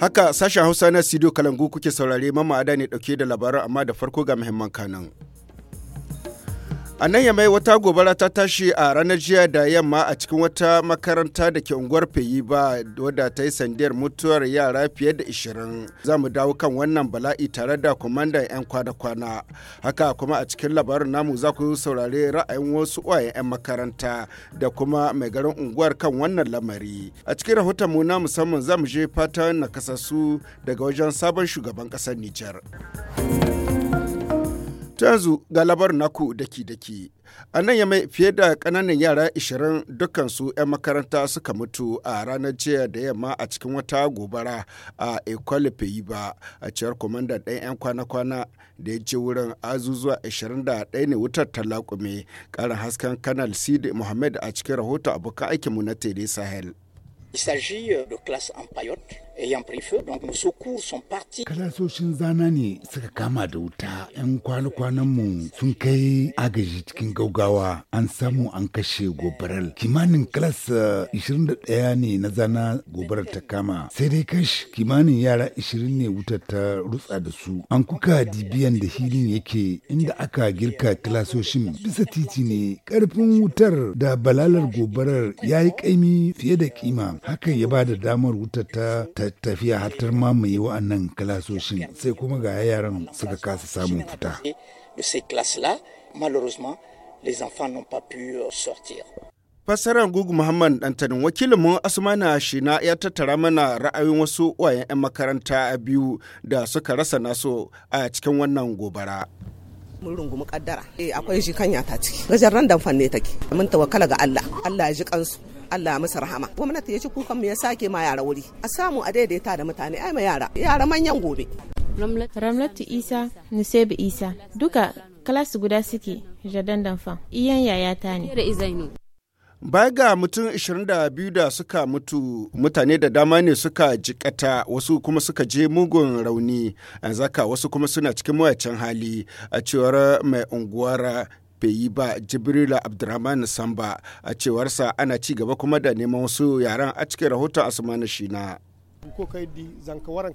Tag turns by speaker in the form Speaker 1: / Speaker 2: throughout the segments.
Speaker 1: Haka sashen Hausa na Studio Kalangu kuke saurare mamma ada ne dauke da labaran amma da farko ga muhimman kanan. A nan ya mai wata gobara ta tashi a ranar jiya da yamma a cikin wata makaranta da ke unguwar Feyi ba wadda ta yi sandiyar mutuwar yara fiye da 20. Za mu dawo kan wannan bala'i tare da kwamandan 'yan kwana-kwana. Haka kuma a cikin labarin namu za ku saurare ra'ayin wasu uwaye 'yan makaranta da kuma mai garin unguwar kan wannan lamari. A cikin rahoton mu na musamman za mu je fatan nakasassu daga wajen sabon shugaban ƙasar Nijar. Ta yanzu ga labarin naku daki-daki. A nan ya mai fiye da kananan yara 20 dukansu 'yan makaranta suka mutu a ranar jiya da yamma a cikin wata gobara a Ecole ba a ciyar komanda ɗan 'yan kwana-kwana da ya je wurin azuzuwa 21 ne wutar talakume ƙarin hasken kanal Sidi mohammed a cikin rahoton abokan aikinmu na Tere Sahel. Il s'agit euh, de classes en paillotte ayant pris feu, donc nos secours sont partis.
Speaker 2: Kalasoshin zana ne suka kama da wuta ‘yan kwana-kwanan mu sun kai agaji cikin gaugawa an samu an kashe gobarar. Kimanin kalas 21 uh, ne na zana gobarar ta kama sai dai kash kimanin yara 20 ne wutar ta rutsa da su. An kuka dibiyan da hilin yake inda aka girka kalasoshin bisa titi ne karfin wutar da balalar gobarar ya yi kaimi fiye da kima hakan ya ba da damar wuta ta tafiya ma mamaye wa'annan
Speaker 1: kilasoshin sai kuma ga yaran suka kasa samun fita euh, fassarar gugu muhammad dantanin wakilinmu asmana shina ya tattara mana ra'ayin wasu uwayen 'yan makaranta biyu da suka rasa naso a cikin wannan gobara.
Speaker 3: mun rungumi kaddara eh akwai jikanya ta ciki gajarran damfan ne take mun tawakkala ga Allah Allah ya ji kansu Allah musu rahama gwamnati ya ci kukan mu ya sake ma yara wuri a samu a daidaita da mutane ai ma yara yara manyan gobe Ramlatu Isa Nusebu Isa duka kalas guda suke jadan damfan iyan yayata ne
Speaker 1: Baya ga mutum 22 da suka mutu mutane da dama ne suka jikata wasu kuma suka je mugun rauni an zaka wasu kuma suna cikin mawacin hali a cewar mai unguwar bai yi ba jibrila abdurrahman samba a cewarsa ana ci gaba kuma da neman wasu yaran a cikin rahoton asuma na shina.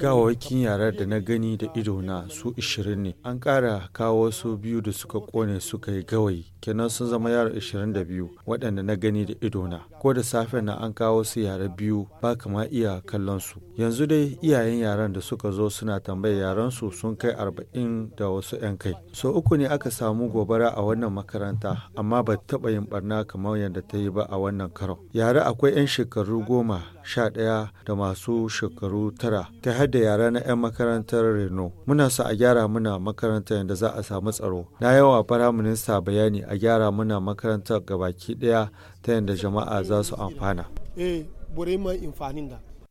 Speaker 1: gawawakin
Speaker 4: yara da na gani da idona su 20 ne an ƙara kawo su biyu da suka kone suka yi gawayi kenan sun zama yara 22 waɗanda na gani da idona ko da safe na an kawo su yara biyu ba kama iya kallon su yanzu dai iyayen yaran da suka zo suna tambaye yaran su sun kai 40 da wasu 'yan kai so uku ne aka samu gobara a wannan makaranta amma ba taɓa yin barna kamar yadda ta yi ba a wannan karo yara akwai 'yan shekaru goma sha ɗaya da masu shekaru tara ta hada yara na 'yan makarantar Reno. Muna sa a gyara muna makarantar yadda za a samu tsaro. Na yawa minista bayani a gyara muna makarantar gabaki ɗaya ta yadda jama'a za su amfana.
Speaker 1: Eh,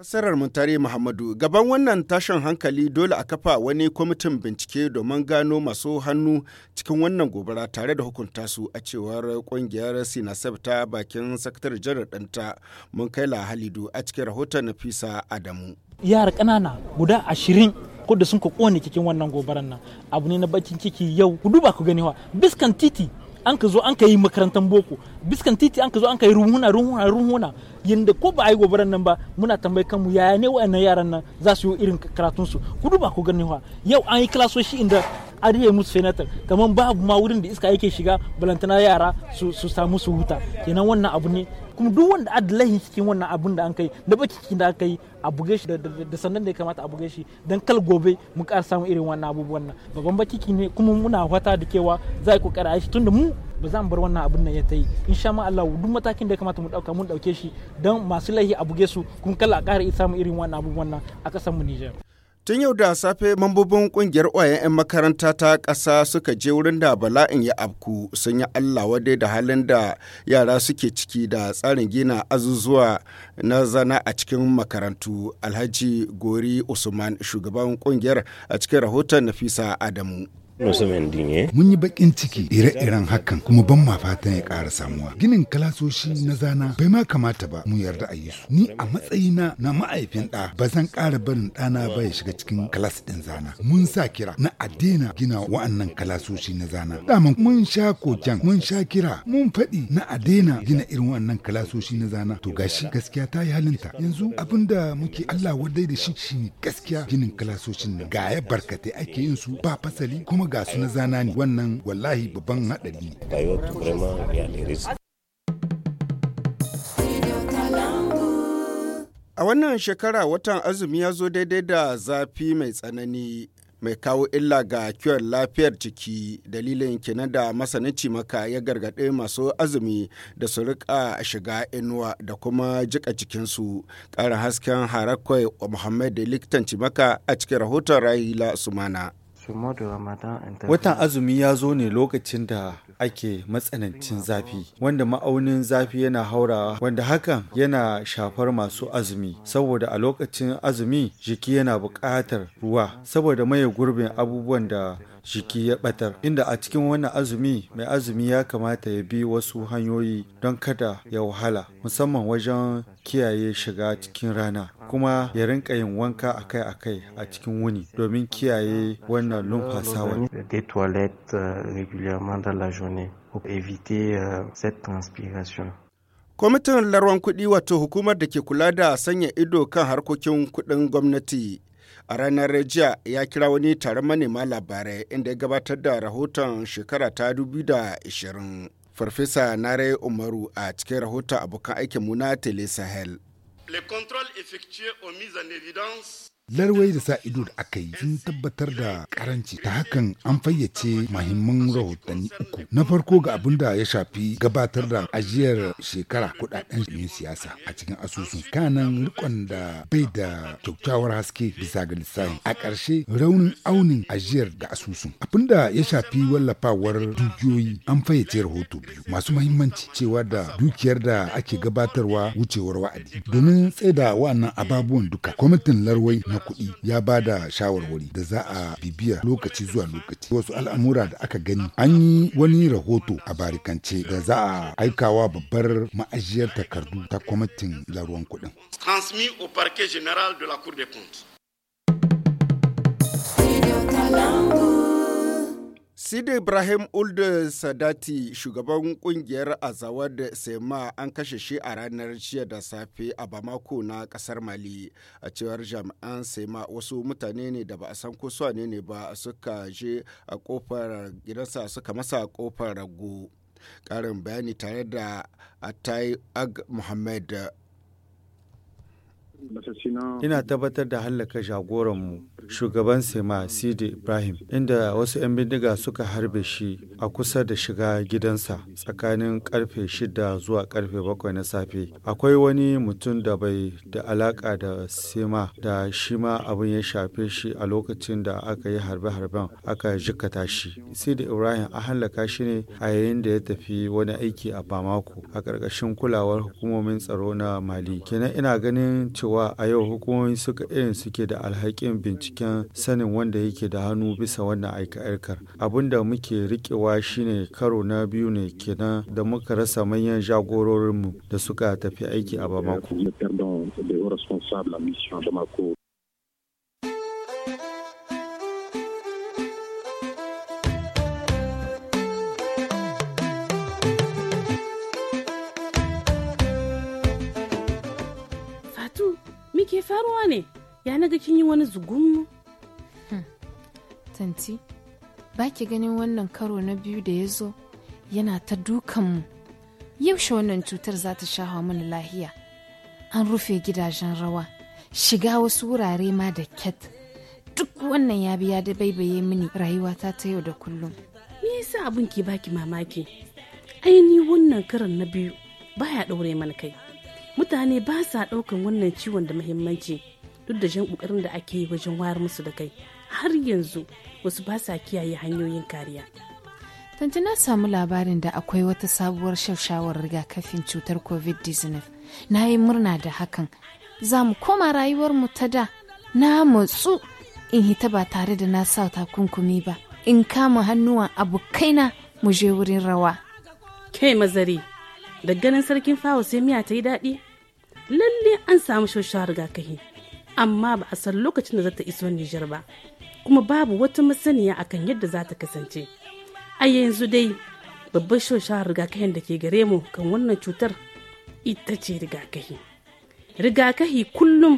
Speaker 1: Fassarar Muntari Muhammadu gaban wannan tashin hankali dole a kafa wani kwamitin bincike domin gano masu hannu cikin wannan gobara tare da hukunta su a cewar kungiyar Sinasef ta bakin sakatar jarar ɗanta mun kai la halidu a cikin rahoton Nafisa Adamu. Yara ƙanana guda ashirin ko da sun ka kone cikin wannan gobaran nan abu ne na bakin ciki yau ku duba ku gani wa biskan titi an ka zo an ka yi makarantar boko biskan titi an ka zo an ka yi ruhuna ruhuna ruhuna yadda ko ba a yi gobaran nan ba muna tambayi kanmu yaya ne wa'annan yaran nan za su yi irin su ku duba ku gani wa yau an yi kilasoshi inda an musu fenatar kamar babu ma wurin da iska yake shiga balantana yara su samu su huta kenan wannan abu ne kuma duk wanda adalahin cikin wannan abun da an kai da baki cikin da aka yi a buge shi da sannan da ya kamata a buge shi dan kal gobe mu ƙara samun irin wannan abubuwan nan babban baki ne kuma muna fata da kewa za ku ƙara shi tunda mu ba za mu bar wannan abun nan ya ta yi insha ma Allah duk matakin da ya kamata mu dauka mun dauke shi dan masu laihi a buge su kuma kala a ƙara samun irin wannan abubuwan nan a ƙasar mu Nijar Tun yau da safe mambobin kungiyar ƙwayan 'yan makaranta ta ƙasa suka je wurin da bala'in ya afku sun yi Allah wadai da halin da yara suke ciki da tsarin gina azuzuwa na zana a cikin makarantu Alhaji Gori Usman shugaban kungiyar a cikin rahoton Nafisa Adamu. Eh?
Speaker 2: Mun yi bakin ciki ire-iren hakan kuma ban ma fatan ya ƙara samuwa. Ginin kalasoshi na zana bai ma kamata ba mu yarda a yi su. Ni a matsayina na ma'aifin ɗa ba zan ƙara barin ɗana ba ya shiga cikin kalas ɗin zana. Mun sa kira na a gina wa'annan kalasoshi na zana. Daman mun sha kojan. mun sha kira mun faɗi na a gina irin wannan kalasoshi na zana. To gashi gaskiya ta yi halinta. Yanzu abin da muke Allah wadai da shi shine gaskiya ginin kalasoshin nan. Ga ya barkatai ake yin su ba fasali kuma ga su na zana ne wannan wallahi babban haɗari
Speaker 1: A wannan shekara watan azumi ya zo daidai da zafi mai tsanani mai kawo illa ga kiwon lafiyar jiki dalilin kenan da masanin cimaka ya gargaɗe masu azumi da su rika shiga inuwa da kuma jika cikinsu ƙara hasken harakwai muhammad da likitan cimaka a cikin rahoton rahila sumana.
Speaker 4: Watan azumi ya zo ne lokacin da ake matsanancin zafi, wanda ma'aunin zafi yana haurawa, wanda hakan yana shafar masu azumi, saboda a lokacin azumi jiki yana buƙatar ruwa, saboda maye gurbin abubuwan da jiki ya ɓatar. Inda a cikin wannan azumi, mai azumi ya kamata ya bi wasu hanyoyi don kada ya wahala, musamman wajen kiyaye shiga cikin rana. kuma ya rinka yin wanka akai-akai a cikin wuni domin kiyaye wannan lumfasawa. Euh, euh,
Speaker 1: Kwamitin larwan kuɗi wato hukumar da ke kula da sanya ido kan harkokin kuɗin gwamnati a ranar jiya ya kira wani taron manema labarai inda ya gabatar da rahoton shekara ta 2020. Farfesa Nare Umaru a cikin rahoton abokan aikin muna Tele Sahel. les contrôles effectués ont mis en évidence larwai da sa ido da aka yi
Speaker 2: sun tabbatar da karanci ta hakan an fayyace mahimman rahotanni uku na farko ga abin da ya shafi gabatar da ajiyar shekara kudaden yin siyasa a cikin asusun kanan rikon da bai da kyaukyawar haske bisa ga lissafi a ƙarshe raunin aunin ajiyar da asusun abin da ya shafi wallafawar dukiyoyi an fayyace rahoto biyu masu mahimmanci cewa da dukiyar da ake gabatarwa wucewar wa'adi domin tsaida wa'annan ababuwan duka kwamitin larwai na kuɗi ya ba da shawarwari da za a bibiya lokaci zuwa lokaci wasu al'amura da aka gani an yi wani rahoto a barikance da za a aikawa babbar ma'ajiyar takardu ta kwamitin laruwan
Speaker 1: kuɗin. transmis au de la cour des comptes. Sidi Ibrahim Ulde Sadati shugaban kungiyar Azawad Sema an kashe shi a ranar jiya da safe a Bamako na kasar Mali. A cewar jami'an Sema wasu mutane ne da ba a san ko su ne ne ba suka je a kofar gidansa suka masa kofar rago. Karin bayani tare da Atai Ag Muhammad
Speaker 4: Ina tabbatar da hallaka jagoranmu shugaban sema sidi ibrahim inda wasu 'yan bindiga suka harbe shi a kusa da shiga gidansa tsakanin karfe shida zuwa karfe bakwai na safe akwai wani mutum da bai da alaka da sema da shi ma abin ya shafe shi a lokacin da aka yi harbe-harben aka jikata shi sidi ibrahim a hallaka shi ne a yayin da ya tafi wani aiki a bamako a ƙarƙashin kulawar hukumomin tsaro na mali kenan ina ganin cewa a yau hukumomi suka irin suke da alhakin bincike cikin sanin wanda yake da hannu bisa wannan aika-aikar abun da muke rikewa shine karo na biyu ne kenan da muka rasa manyan jagororinmu da suka tafi aiki a bamako
Speaker 3: Fatu, muke faruwa ne? ya naga kin yi wani zugun hmm. tanti ba ki ganin wannan karo na biyu da ya zo yana ta dukan mu yaushe wannan cutar za ta sha mana lahiya an rufe gidajen rawa shiga wasu wurare ma da ket duk wannan ya biya da baibaye mini rayuwata ta yau da kullum me yasa abin ke baki mamaki ainihin wannan karan na biyu baya ɗaure mana kai mutane ba sa ɗaukan wannan ciwon da muhimmanci duk da jan kokarin da ake yi wajen wayar musu da kai har yanzu wasu ba sa kiyaye hanyoyin kariya tanti na samu labarin da akwai wata sabuwar shawarar rigakafin cutar covid-19 na yi murna da hakan za mu koma mu ta da na matsu in hita ba tare da na sa takunkumi ba in kama hannuwan abokaina mu je wurin rawa kai mazari da ganin sarkin fawo sai miya ta yi daɗi lalle an samu shawarar rigakafi amma ba a san lokacin da za ta iso Nijar ba kuma babu wata masaniya akan yadda za ta kasance a yanzu dai babbar shoshawar rigakafin da ke gare mu kan wannan cutar ita ce rigakahi rigakafi kullum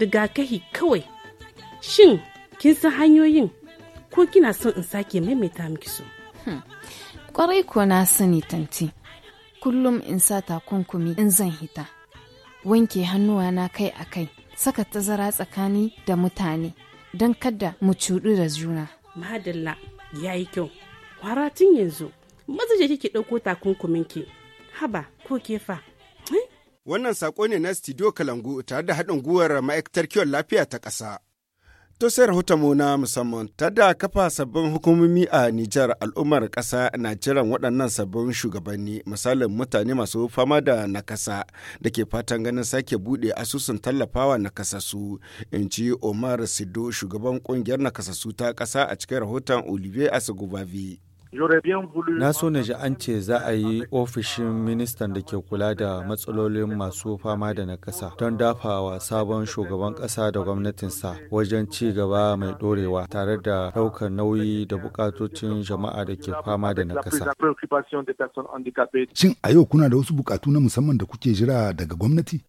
Speaker 3: rigakahi kawai shin kin san hanyoyin ko kina son in sake maimaita miki su hmm. kwarai ko na sani tanti kullum in sa takunkumi in zan hita wanke hannuwa na kai a kai saka tazara tsakani da mutane don kada mu cuɗu da juna. Madalla ya yi kyau, kwara tun yanzu, maza je kike ɗauko takunkumin haba ko kefa.
Speaker 1: Eh? Wannan saƙo ne na Studio Kalangu tare da haɗin guwar ma'aikatar kiwon lafiya ta ƙasa. To rahoton muna na musamman da kafa sabbin hukumomi a Nijar al'ummar ƙasa na jiran waɗannan sabbin shugabanni misalin mutane masu fama da nakasa da ke fatan ganin sake buɗe asusun tallafawa nakasasu in ji Omar Sido shugaban ƙungiyar
Speaker 4: nakasasu ta ƙasa a cikin rahoton Olivier Asigobavi. Na so na ji an ce za a yi ofishin ministan da ke kula da matsalolin masu fama da nakasa don dafawa sabon shugaban ƙasa da gwamnatinsa wajen ci gaba mai ɗorewa tare da ɗaukar nauyi da bukatocin jama'a da ke fama da nakasa.
Speaker 2: Shin a yau kuna da wasu bukatu na musamman da kuke jira daga gwamnati?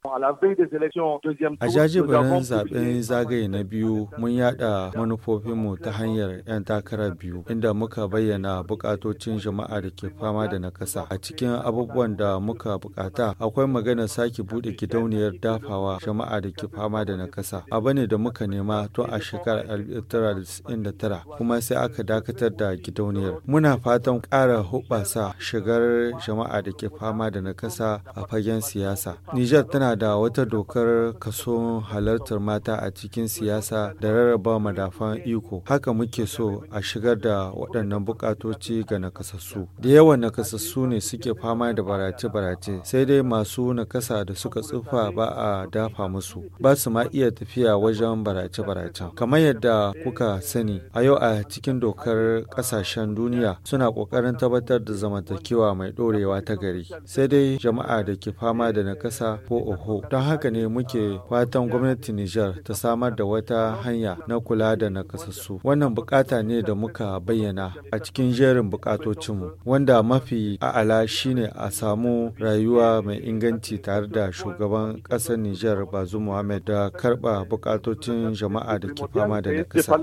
Speaker 4: A jajibirin zaben zagaye na biyu mun yada manufofinmu ta hanyar 'yan takarar biyu inda muka bayyana bukatocin jama'a da ke fama da nakasa a cikin abubuwan da muka bukata akwai maganar sake bude gidauniyar dafawa jama'a da ke fama da nakasa abu ne da muka nema tun a shekarar 1999 kuma sai aka dakatar da gidauniyar muna fatan ƙara hubasa shigar jama'a da ke fama da nakasa a fagen siyasa Nijar tana da wata dokar kaso halartar mata a cikin siyasa da rarraba madafan iko haka muke so a shigar da waɗannan bukatoci ce ga nakasassu. Da yawan nakasassu ne suke fama da barace-barace, sai dai masu nakasa da suka tsufa ba a dafa musu, ba su ma iya tafiya wajen barace-baracen. Kamar yadda kuka sani, a yau a cikin dokar kasashen duniya suna ƙoƙarin tabbatar da zamantakewa mai ɗorewa ta gari. Sai dai jama'a da ke fama da nakasa ko oho. Don haka ne muke fatan gwamnati Nijar ta samar da wata hanya na kula da nakasassu. Wannan bukata ne da muka bayyana a cikin jerin jerin bukatocinmu wanda mafi a'ala shine a samu rayuwa mai inganci tare da shugaban ƙasar Nijar Bazu muhammed da karba bukatocin jama'a da ke fama da nakasa.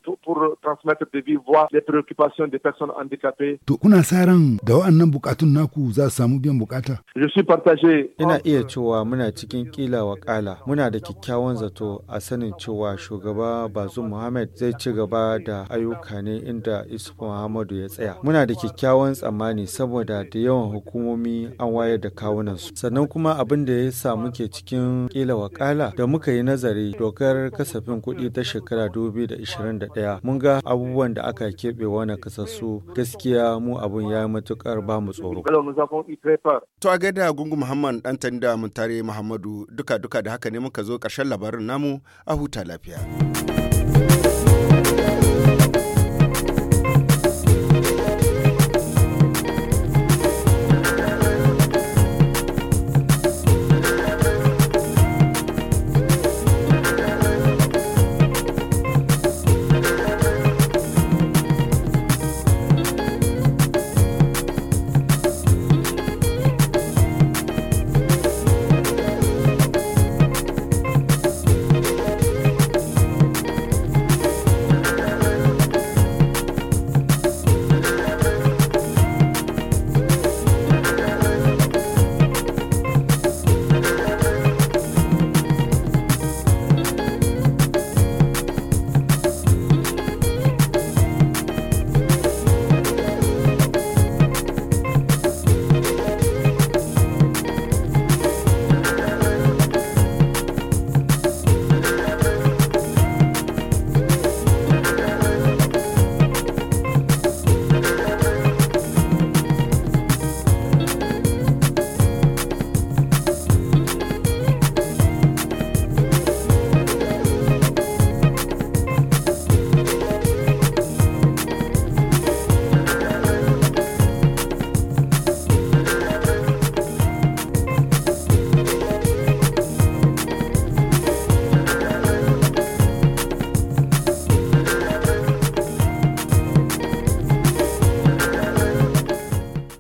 Speaker 4: To kuna
Speaker 2: sa ran da wa'annan bukatun naku za su samu biyan bukata?
Speaker 4: Ina iya cewa muna cikin kila wakala muna da kyakkyawan zato a sanin cewa shugaba Bazu muhammed zai ci gaba da ayyuka ne inda Isuf Muhammadu ya tsaya. Muna muna da kyakkyawan tsammani saboda da yawan hukumomi an wayar da kawunan su sannan kuma abin da ya sa muke cikin kila wakala da muka yi nazari dokar kasafin kuɗi ta shekara 2021 mun ga abubuwan da aka keɓe wani kasassu gaskiya mu abun ya yi matukar ba mu tsoro.
Speaker 1: To a gaida gungu Muhammad Dantani da tare Muhammadu duka-duka da haka ne muka zo ƙarshen labarin namu a huta lafiya.